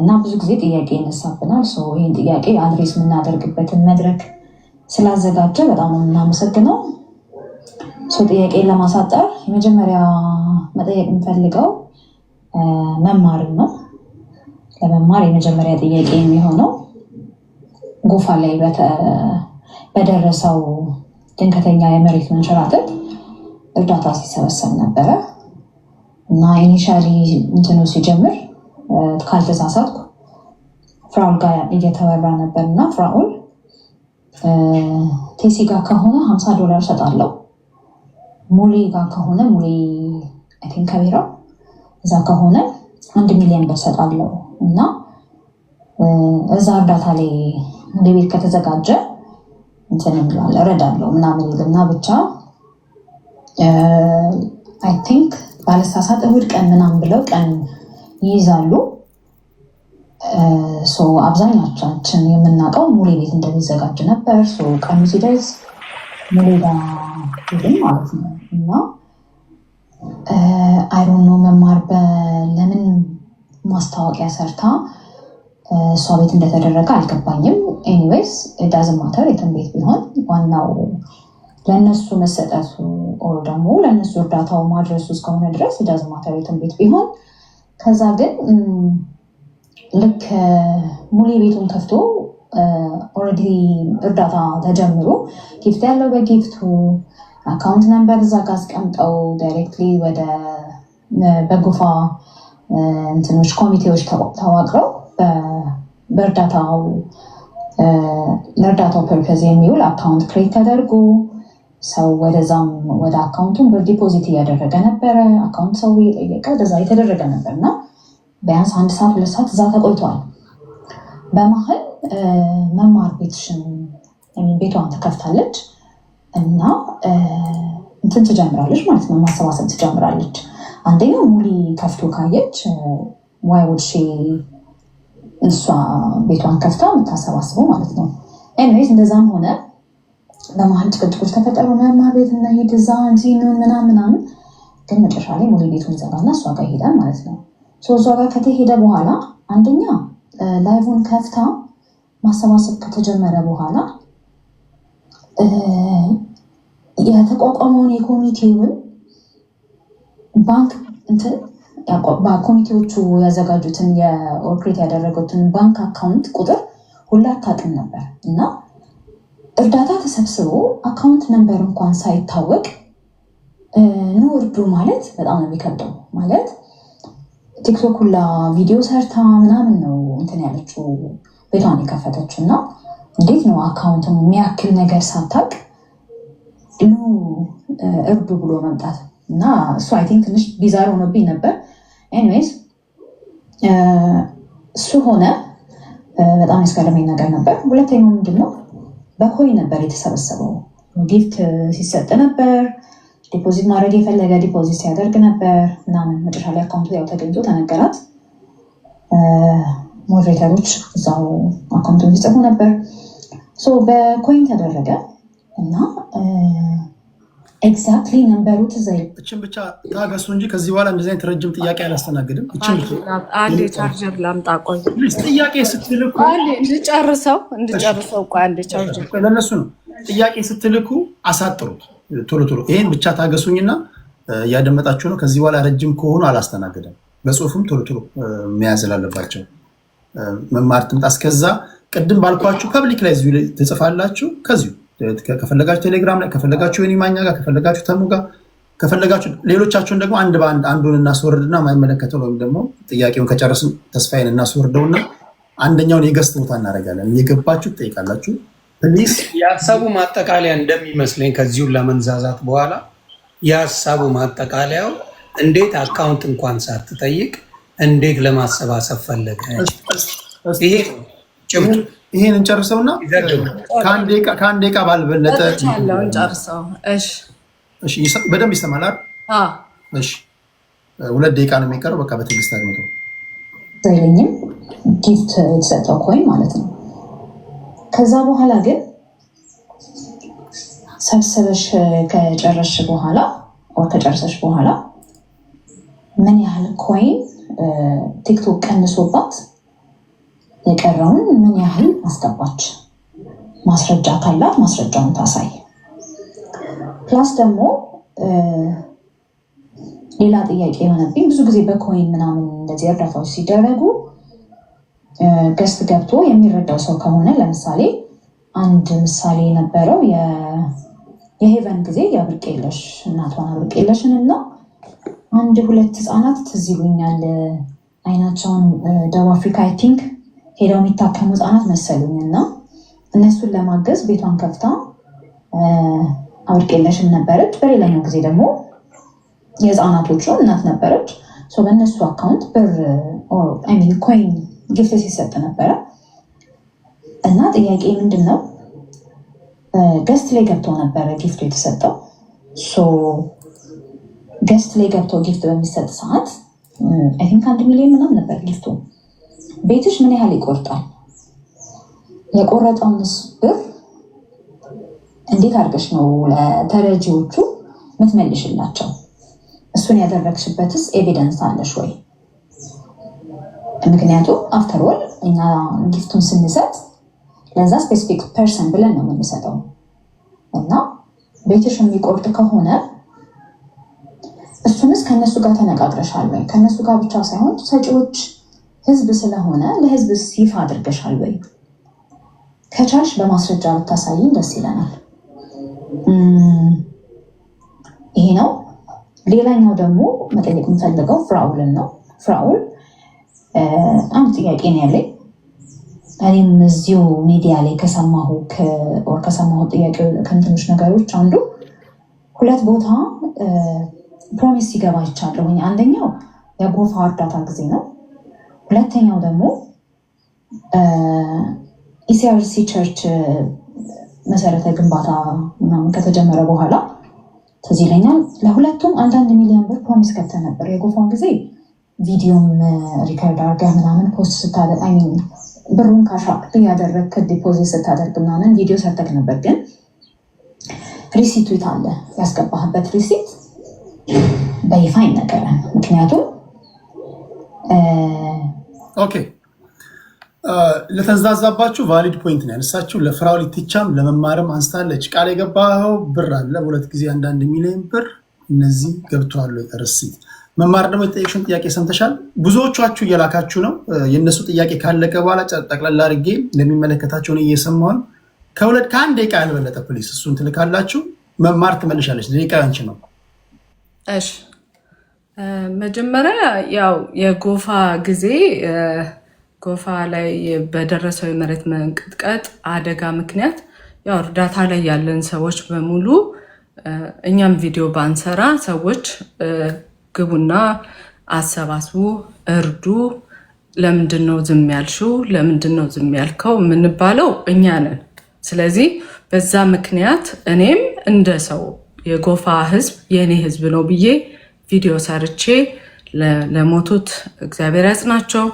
እና ብዙ ጊዜ ጥያቄ ይነሳብናል። ይህን ጥያቄ አድሬስ የምናደርግበትን መድረክ ስላዘጋጀ በጣም የምናመሰግነው። ጥያቄን ለማሳጠር የመጀመሪያ መጠየቅ የምፈልገው መማርን ነው። ለመማር የመጀመሪያ ጥያቄ የሚሆነው ጎፋ ላይ በደረሰው ድንገተኛ የመሬት መንሸራተት እርዳታ ሲሰበሰብ ነበረ እና ኢኒሻሊ እንትኑ ሲጀምር ካልተሳሳትኩ ፍራውል ጋር እየተበራ ነበር እና ፍራውል ቴሲ ጋር ከሆነ ሀምሳ ዶላር ሰጣለው ሙሌ ጋር ከሆነ ሙሌ ቲን ከቢራው እዛ ከሆነ አንድ ሚሊዮን ብር ሰጣለው እና እዛ እርዳታ ላይ እንደ ቤት ከተዘጋጀ እንትን እንላለን እረዳለሁ ምናምን ይልና ብቻ አይ ቲንክ ባለሳሳት እሑድ ቀን ምናምን ብለው ቀን ይይዛሉ። አብዛኛቻችን የምናውቀው ሙሌ ቤት እንደሚዘጋጅ ነበር። ቀኑ ሲደርስ ሙሌ ሄድን ማለት ነው እና አይሮኖ መማር ለምን ማስታወቂያ ሰርታ እሷ ቤት እንደተደረገ አልገባኝም። ኤኒዌይስ ዳዝን ማተር የትም ቤት ቢሆን ዋናው ለእነሱ መሰጠቱ ደግሞ ለእነሱ እርዳታው ማድረሱ እስከሆነ ድረስ ዳዝን ማተር የትም ቤት ቢሆን ከዛ ግን ልክ ሙሌ ቤቱን ከፍቶ ኦልሬዲ እርዳታ ተጀምሮ ጊፍት ያለው በጊፍቱ አካውንት ነንበር እዛ ጋ አስቀምጠው ዳይሬክትሊ ወደ በጎፋ እንትኖች ኮሚቴዎች ተዋቅረው በእርዳታው ለእርዳታው ፐርፐዝ የሚውል አካውንት ክሬት ተደርጎ ሰው ወደዛም ወደ አካውንቱን ብር ዲፖዚት እያደረገ ነበረ። አካውንት ሰው እየጠየቀ ወደዛ የተደረገ ነበር እና ቢያንስ አንድ ሰዓት ሁለት ሰዓት እዛ ተቆይተዋል። በመሀል መማር ቤትሽን ቤቷን ትከፍታለች እና እንትን ትጀምራለች ማለት ነው፣ ማሰባሰብ ትጀምራለች። አንደኛው ሙሊ ከፍቶ ካየች ዋይ ውድ ሺ እሷ ቤቷን ከፍታ የምታሰባስበው ማለት ነው። ኤኒዌይስ እንደዛም ሆነ በመሀል ጭቅጭቆች ተፈጠሩ። ነማ ቤት እና ሂድ እዛ እዚህ ነው ምናምን ምናምን። ግን መጨረሻ ላይ ሙሉ ቤቱን ዘጋና እሷ ጋር ይሄዳል ማለት ነው። እሷ ጋር ከተሄደ በኋላ አንደኛ ላይቡን ከፍታ ማሰባሰብ ከተጀመረ በኋላ የተቋቋመውን የኮሚቴውን ባንክ ኮሚቴዎቹ ያዘጋጁትን የኦርክሬት ያደረጉትን ባንክ አካውንት ቁጥር ሁላ አታውቅም ነበር እና እርዳታ ተሰብስቦ አካውንት ነንበር እንኳን ሳይታወቅ ኑ እርዱ ማለት በጣም ነው የሚከብደው። ማለት ቲክቶክ ሁላ ቪዲዮ ሰርታ ምናምን ነው እንትን ያለችው ቤቷን የከፈተች እና እንዴት ነው አካውንትን የሚያክል ነገር ሳታቅ ኑ እርዱ ብሎ መምጣት እና እሱ አይ ቲንክ ትንሽ ቢዛር ሆኖብኝ ነበር። ኤኒዌይስ እሱ ሆነ በጣም ያስገረመኝ ነገር ነበር። ሁለተኛው ምንድን ነው በኮይ ነበር የተሰበሰበው። ጊፍት ሲሰጥ ነበር። ዲፖዚት ማድረግ የፈለገ ዲፖዚት ሲያደርግ ነበር ምናምን። መጨረሻ ላይ አካውንቱ ያው ተገኝቶ ተነገራት። ሞዴሬተሮች እዛው አካውንቱ ሲጽፉ ነበር። በኮይን ተደረገ እና ኤግዛክትሊ ነንበሩ ትዘይ እችን ብቻ ታገሱ እንጂ ከዚህ በኋላ እንደዚህ አይነት ረጅም ጥያቄ አላስተናግድም። እችን ቻርጀር ላምጣ። ቆይ ጥያቄ ስትልኩ እንድጨርሰው እንድጨርሰው ቆይ አንዴ ቻርጀር ለነሱ ነው። ጥያቄ ስትልኩ አሳጥሩት ቶሎ ቶሎ። ይሄን ብቻ ታገሱኝና እያደመጣችሁ ነው። ከዚህ በኋላ ረጅም ከሆኑ አላስተናግድም። በጽሁፍም ቶሎ ቶሎ መያዝ ላለባቸው መማር ትምጣ። እስከዛ ቅድም ባልኳችሁ ፐብሊክ ላይ ትጽፋላችሁ ከዚሁ ከፈለጋችሁ ቴሌግራም ላይ ከፈለጋችሁ ዮኒ ማኛ ጋር ከፈለጋችሁ ተሙ ጋር ከፈለጋችሁ ሌሎቻችሁን ደግሞ አንድ በአንድ አንዱን እናስወርድና የማይመለከተው ወይም ደግሞ ጥያቄውን ከጨረስን ተስፋዬን እናስወርደውና አንደኛውን የገስት ቦታ እናደርጋለን። እየገባችሁ ትጠይቃላችሁ። ፕሊስ የሀሳቡ ማጠቃለያ እንደሚመስለኝ ከዚሁን ለመንዛዛት በኋላ የሀሳቡ ማጠቃለያው እንዴት አካውንት እንኳን ሳትጠይቅ እንዴት ለማሰባሰብ ፈለገ ይሄ ጭምር ይሄን እንጨርሰውና ከአንድ ደቂቃ ባልበለጠ በደንብ ይሰማል። ሁለት ደቂቃ ነው የሚቀረው። በቃ በትዕግስት አድምጠው። ዘይለኝም ጊፍት የተሰጠው ኮይን ማለት ነው። ከዛ በኋላ ግን ሰብስበሽ ከጨረሽ በኋላ ከጨርሰሽ በኋላ ምን ያህል ኮይን ቲክቶክ ቀንሶባት የቀረውን ምን ያህል አስገባች? ማስረጃ ካላት ማስረጃውን ታሳይ። ፕላስ ደግሞ ሌላ ጥያቄ የሆነብኝ ብዙ ጊዜ በኮይን ምናምን እንደዚህ እርዳታዎች ሲደረጉ ገስት ገብቶ የሚረዳው ሰው ከሆነ ለምሳሌ አንድ ምሳሌ የነበረው የሄቨን ጊዜ የአብርቄለሽ እናቷን አብርቄለሽን እና አንድ ሁለት ህፃናት ትዝ ይሉኛል አይናቸውን ደቡብ አፍሪካ አይ ቲንክ ሄደው የሚታከሙ ህጻናት መሰሉኝ እና እነሱን ለማገዝ ቤቷን ከፍታ አውርቄለሽም ነበረች። በሌላኛው ጊዜ ደግሞ የህፃናቶቹ እናት ነበረች። በእነሱ አካውንት ብር ሚን ኮይን ግፍት ሲሰጥ ነበረ እና ጥያቄ ምንድን ነው ገስት ላይ ገብተው ነበረ ጊፍቱ የተሰጠው። ገስት ላይ ገብተው ጊፍት በሚሰጥ ሰዓት አይ ቲንክ አንድ ሚሊዮን ምናምን ነበር ጊፍቱ ቤትሽ ምን ያህል ይቆርጣል? የቆረጠውንስ ብር እንዴት አድርገሽ ነው ለተረጂዎቹ ምትመልሽላቸው? እሱን ያደረግሽበትስ ኤቪደንስ አለሽ ወይ? ምክንያቱም አፍተርወል እኛ ጊፍቱን ስንሰጥ ለዛ ስፔሲፊክ ፐርሰን ብለን ነው የምንሰጠው እና ቤትሽ የሚቆርጥ ከሆነ እሱንስ ከእነሱ ጋር ተነጋግረሻል ወይ? ከእነሱ ጋር ብቻ ሳይሆን ሰጪዎች ህዝብ ስለሆነ ለህዝብ ይፋ አድርገሻል ወይ? ከቻልሽ በማስረጃ ብታሳይኝ ደስ ይለናል። ይሄ ነው። ሌላኛው ደግሞ መጠየቅ የምፈልገው ፍራውልን ነው። ፍራውል አንድ ጥያቄ ነው ያለኝ። እኔም እዚሁ ሚዲያ ላይ ከሰማሁ ከሰማሁ ጥያቄ ከንትኖች ነገሮች አንዱ ሁለት ቦታ ፕሮሚስ ሲገባ ይቻለሁኝ። አንደኛው የጎፋ እርዳታ ጊዜ ነው ሁለተኛው ደግሞ ኢሲአርሲ ቸርች መሰረተ ግንባታ ምናምን ከተጀመረ በኋላ ትዝ ይለኛል ለሁለቱም አንዳንድ ሚሊዮን ብር ፕሮሚስ ከተ ነበር። የጎፋን ጊዜ ቪዲዮም ሪከርድ አድርገህ ምናምን ፖስት ስታደርግ ብሩን ካሻ እያደረግክ ዲፖዚት ስታደርግ ምናምን ቪዲዮ ሰርተህ ነበር። ግን ሪሲቱ የት አለ? ያስገባህበት ሪሲት በይፋ ይነገራል። ምክንያቱም ኦኬ ለተንዛዛባችሁ ቫሊድ ፖይንት ነው ያነሳችሁ። ለፍራው ሊትቻም ለመማርም አንስታለች። ቃል የገባኸው ብር አለ በሁለት ጊዜ አንዳንድ ሚሊዮን ብር እነዚህ ገብተዋል። ርሲት መማር ደግሞ የጠየቅሽውን ጥያቄ ሰምተሻል። ብዙዎቻችሁ እየላካችሁ ነው። የእነሱ ጥያቄ ካለቀ በኋላ ጠቅላላ አድርጌ ለሚመለከታቸው ነው እየሰማሁን። ከሁለት ከአንድ ደቂቃ ያልበለጠ ፕሊስ፣ እሱን ትልካላችሁ። መማር ትመልሻለች። ደቂቃ ያንቺ ነው። እሺ መጀመሪያ ያው የጎፋ ጊዜ ጎፋ ላይ በደረሰው የመሬት መንቀጥቀጥ አደጋ ምክንያት ያው እርዳታ ላይ ያለን ሰዎች በሙሉ እኛም ቪዲዮ ባንሰራ ሰዎች ግቡና አሰባስቡ፣ እርዱ። ለምንድን ነው ዝም ያልሽው? ለምንድን ነው ዝም ያልከው? የምንባለው እኛ ነን። ስለዚህ በዛ ምክንያት እኔም እንደ ሰው የጎፋ ህዝብ የእኔ ህዝብ ነው ብዬ ቪዲዮ ሰርቼ ለሞቱት እግዚአብሔር ያጽናቸው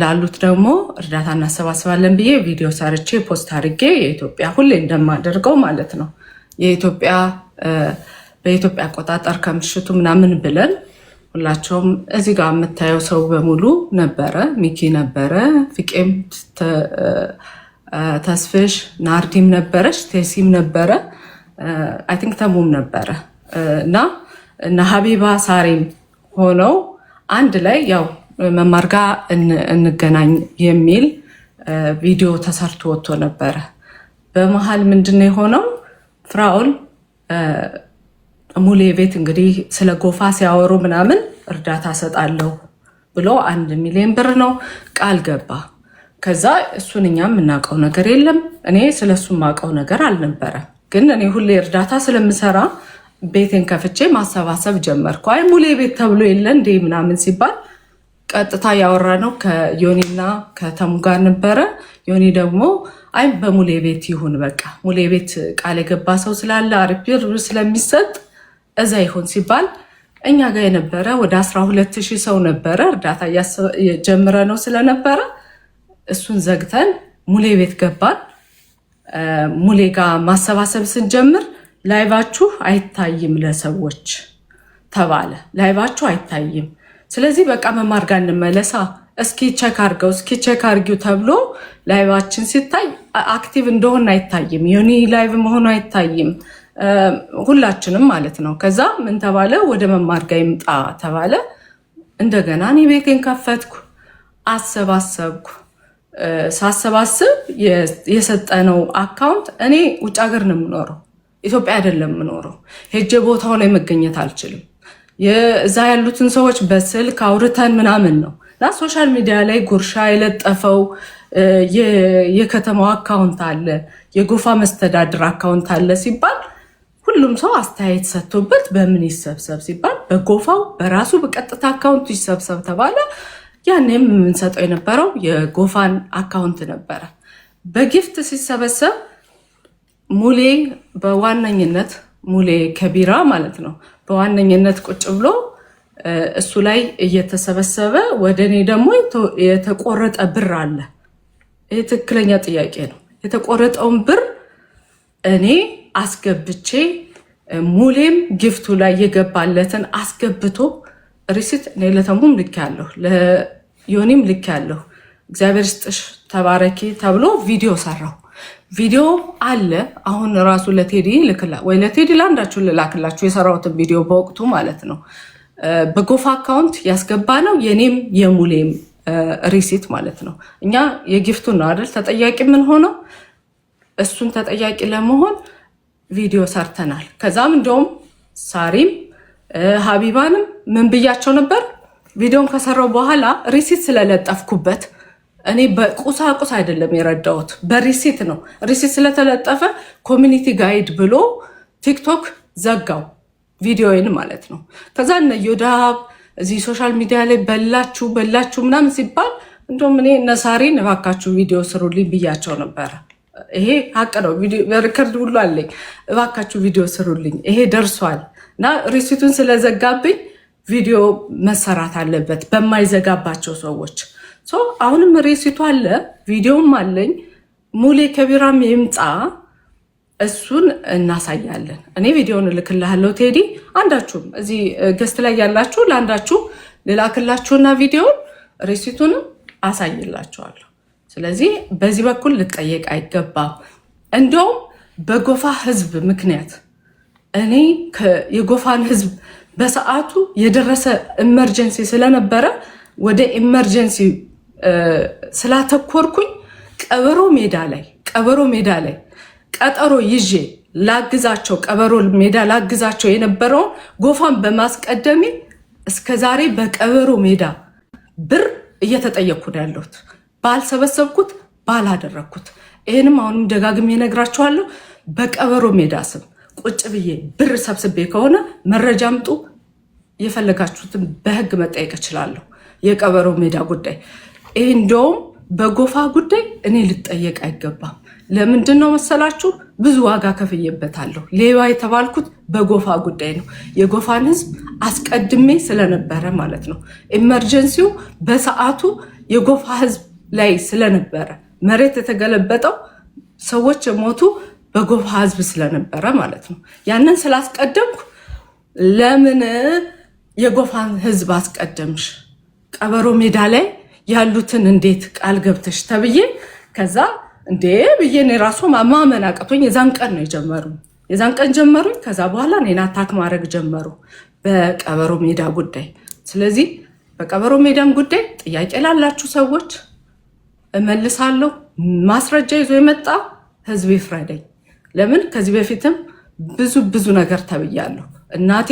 ላሉት ደግሞ እርዳታ እናሰባስባለን ብዬ ቪዲዮ ሰርቼ ፖስት አድርጌ የኢትዮጵያ ሁሌ እንደማደርገው ማለት ነው የኢትዮጵያ በኢትዮጵያ አቆጣጠር ከምሽቱ ምናምን ብለን ሁላቸውም እዚህ ጋር የምታየው ሰው በሙሉ ነበረ። ሚኪ ነበረ፣ ፍቄም፣ ተስፍሽ፣ ናርዲም ነበረች፣ ቴሲም ነበረ፣ አይ ቲንክ ተሙም ነበረ እና እና ሀቢባ ሳሬም ሆነው አንድ ላይ ያው መማር እንገናኝ የሚል ቪዲዮ ተሰርቶ ወጥቶ ነበረ። በመሀል ምንድን የሆነው? ፍራውል ሙሌ ቤት እንግዲህ ስለ ጎፋ ሲያወሩ ምናምን እርዳታ ሰጣለሁ ብሎ አንድ ሚሊዮን ብር ነው ቃል ገባ። ከዛ እሱን እኛ የምናውቀው ነገር የለም። እኔ ስለ እሱ የማውቀው ነገር አልነበረም። ግን እኔ ሁሌ እርዳታ ስለምሰራ ቤቴን ከፍቼ ማሰባሰብ ጀመርኩ። አይ ሙሌ ቤት ተብሎ የለ እንዴ ምናምን ሲባል ቀጥታ ያወራ ነው ከዮኒና ከተሙ ጋር ነበረ። ዮኒ ደግሞ አይ በሙሌ ቤት ይሁን በቃ ሙሌ ቤት ቃል የገባ ሰው ስላለ አሪፍ ስለሚሰጥ እዛ ይሁን ሲባል እኛ ጋር የነበረ ወደ 12 ሺህ ሰው ነበረ። እርዳታ እያጀምረ ነው ስለነበረ እሱን ዘግተን ሙሌ ቤት ገባን። ሙሌ ጋር ማሰባሰብ ስንጀምር ላይቫችሁ አይታይም ለሰዎች ተባለ። ላይቫችሁ አይታይም። ስለዚህ በቃ መማር ጋር እንመለሳ እስኪ ቼክ አርገው እስኪ ቼክ አርጊው ተብሎ ላይቫችን ሲታይ አክቲቭ እንደሆን አይታይም። የኒ ላይቭ መሆኑ አይታይም። ሁላችንም ማለት ነው። ከዛ ምን ተባለ? ወደ መማር ጋር ይምጣ ተባለ። እንደገና እኔ ቤቴን ከፈትኩ፣ አሰባሰብኩ። ሳሰባስብ የሰጠነው አካውንት እኔ ውጭ ሀገር ነው የምኖረው ኢትዮጵያ አይደለም የምኖረው። ሄጄ ቦታው ላይ መገኘት አልችልም። እዛ ያሉትን ሰዎች በስልክ አውርተን ምናምን ነው እና ሶሻል ሚዲያ ላይ ጉርሻ የለጠፈው የከተማው አካውንት አለ፣ የጎፋ መስተዳድር አካውንት አለ ሲባል ሁሉም ሰው አስተያየት ሰጥቶበት በምን ይሰብሰብ ሲባል በጎፋው በራሱ በቀጥታ አካውንቱ ይሰብሰብ ተባለ። ያኔም የምንሰጠው የነበረው የጎፋን አካውንት ነበረ። በጊፍት ሲሰበሰብ ሙሌ በዋነኝነት ሙሌ ከቢራ ማለት ነው። በዋነኝነት ቁጭ ብሎ እሱ ላይ እየተሰበሰበ ወደ እኔ ደግሞ የተቆረጠ ብር አለ። ይህ ትክክለኛ ጥያቄ ነው። የተቆረጠውን ብር እኔ አስገብቼ ሙሌም ግፍቱ ላይ የገባለትን አስገብቶ ሪሲት እኔ ለተሙም ልክ ያለሁ ለዮኒም ልክ ያለሁ እግዚአብሔር ስጥሽ ተባረኪ ተብሎ ቪዲዮ ሰራው። ቪዲዮ አለ። አሁን ራሱ ለቴዲ ልክላ ወይ ለቴዲ ለአንዳችሁ ልላክላችሁ የሰራሁትን ቪዲዮ በወቅቱ ማለት ነው። በጎፋ አካውንት ያስገባ ነው የኔም የሙሌም ሪሲት ማለት ነው። እኛ የጊፍቱን ነው አይደል ተጠያቂ ምን እሱን ተጠያቂ ለመሆን ቪዲዮ ሰርተናል። ከዛም እንደውም ሳሪም ሀቢባንም ምን ብያቸው ነበር ቪዲዮን ከሰራው በኋላ ሪሲት ስለለጠፍኩበት እኔ በቁሳቁስ አይደለም የረዳሁት፣ በሪሲት ነው። ሪሲት ስለተለጠፈ ኮሚኒቲ ጋይድ ብሎ ቲክቶክ ዘጋው ቪዲዮዬን ማለት ነው። ከዛ እነ ዮዳብ እዚህ ሶሻል ሚዲያ ላይ በላችሁ በላችሁ ምናምን ሲባል እንዲም እኔ ነሳሪን እባካችሁ ቪዲዮ ስሩልኝ ብያቸው ነበረ። ይሄ ሀቅ ነው። ሪከርድ ሁሉ አለኝ። እባካችሁ ቪዲዮ ስሩልኝ፣ ይሄ ደርሷል እና ሪሲቱን ስለዘጋብኝ ቪዲዮ መሰራት አለበት በማይዘጋባቸው ሰዎች አሁንም ሬሲቱ አለ፣ ቪዲዮም አለኝ። ሙሌ ከቢራም ይምጣ እሱን እናሳያለን። እኔ ቪዲዮን እልክልሃለሁ ቴዲ። አንዳችሁም እዚህ ገስት ላይ ያላችሁ ለአንዳችሁ ልላክላችሁና ቪዲዮን ሬሲቱንም አሳይላችኋለሁ። ስለዚህ በዚህ በኩል ልጠየቅ አይገባም። እንዲሁም በጎፋ ህዝብ ምክንያት እኔ የጎፋን ህዝብ በሰዓቱ የደረሰ ኢመርጀንሲ ስለነበረ ወደ ኢመርጀንሲ ስላተኮርኩኝ ቀበሮ ሜዳ ላይ ቀበሮ ሜዳ ላይ ቀጠሮ ይዤ ላግዛቸው ቀበሮ ሜዳ ላግዛቸው የነበረውን ጎፋን በማስቀደሜ እስከዛሬ በቀበሮ ሜዳ ብር እየተጠየቅኩ ነው ያለሁት። ባልሰበሰብኩት ባላደረግኩት ይህንም አሁንም ደጋግሜ እነግራችኋለሁ። በቀበሮ ሜዳ ስም ቁጭ ብዬ ብር ሰብስቤ ከሆነ መረጃ አምጡ፣ የፈለጋችሁትን በህግ መጠየቅ እችላለሁ። የቀበሮ ሜዳ ጉዳይ ይህ እንደውም በጎፋ ጉዳይ እኔ ልጠየቅ አይገባም። ለምንድን ነው መሰላችሁ? ብዙ ዋጋ ከፍዬበታለሁ። ሌባ የተባልኩት በጎፋ ጉዳይ ነው። የጎፋን ህዝብ አስቀድሜ ስለነበረ ማለት ነው። ኤመርጀንሲው በሰዓቱ የጎፋ ህዝብ ላይ ስለነበረ መሬት የተገለበጠው ሰዎች የሞቱ በጎፋ ህዝብ ስለነበረ ማለት ነው። ያንን ስላስቀደምኩ ለምን የጎፋን ህዝብ አስቀደምሽ? ቀበሮ ሜዳ ላይ ያሉትን እንዴት ቃል ገብተሽ ተብዬ ከዛ እንዴ ብዬ እኔ ራሱ ማመን አቅቶኝ የዛን ቀን ነው የጀመሩ የዛን ቀን ጀመሩኝ። ከዛ በኋላ እኔን አታክ ማድረግ ጀመሩ በቀበሮ ሜዳ ጉዳይ። ስለዚህ በቀበሮ ሜዳም ጉዳይ ጥያቄ ላላችሁ ሰዎች እመልሳለሁ። ማስረጃ ይዞ የመጣ ህዝብ ይፍረደኝ። ለምን ከዚህ በፊትም ብዙ ብዙ ነገር ተብያለሁ እናቴ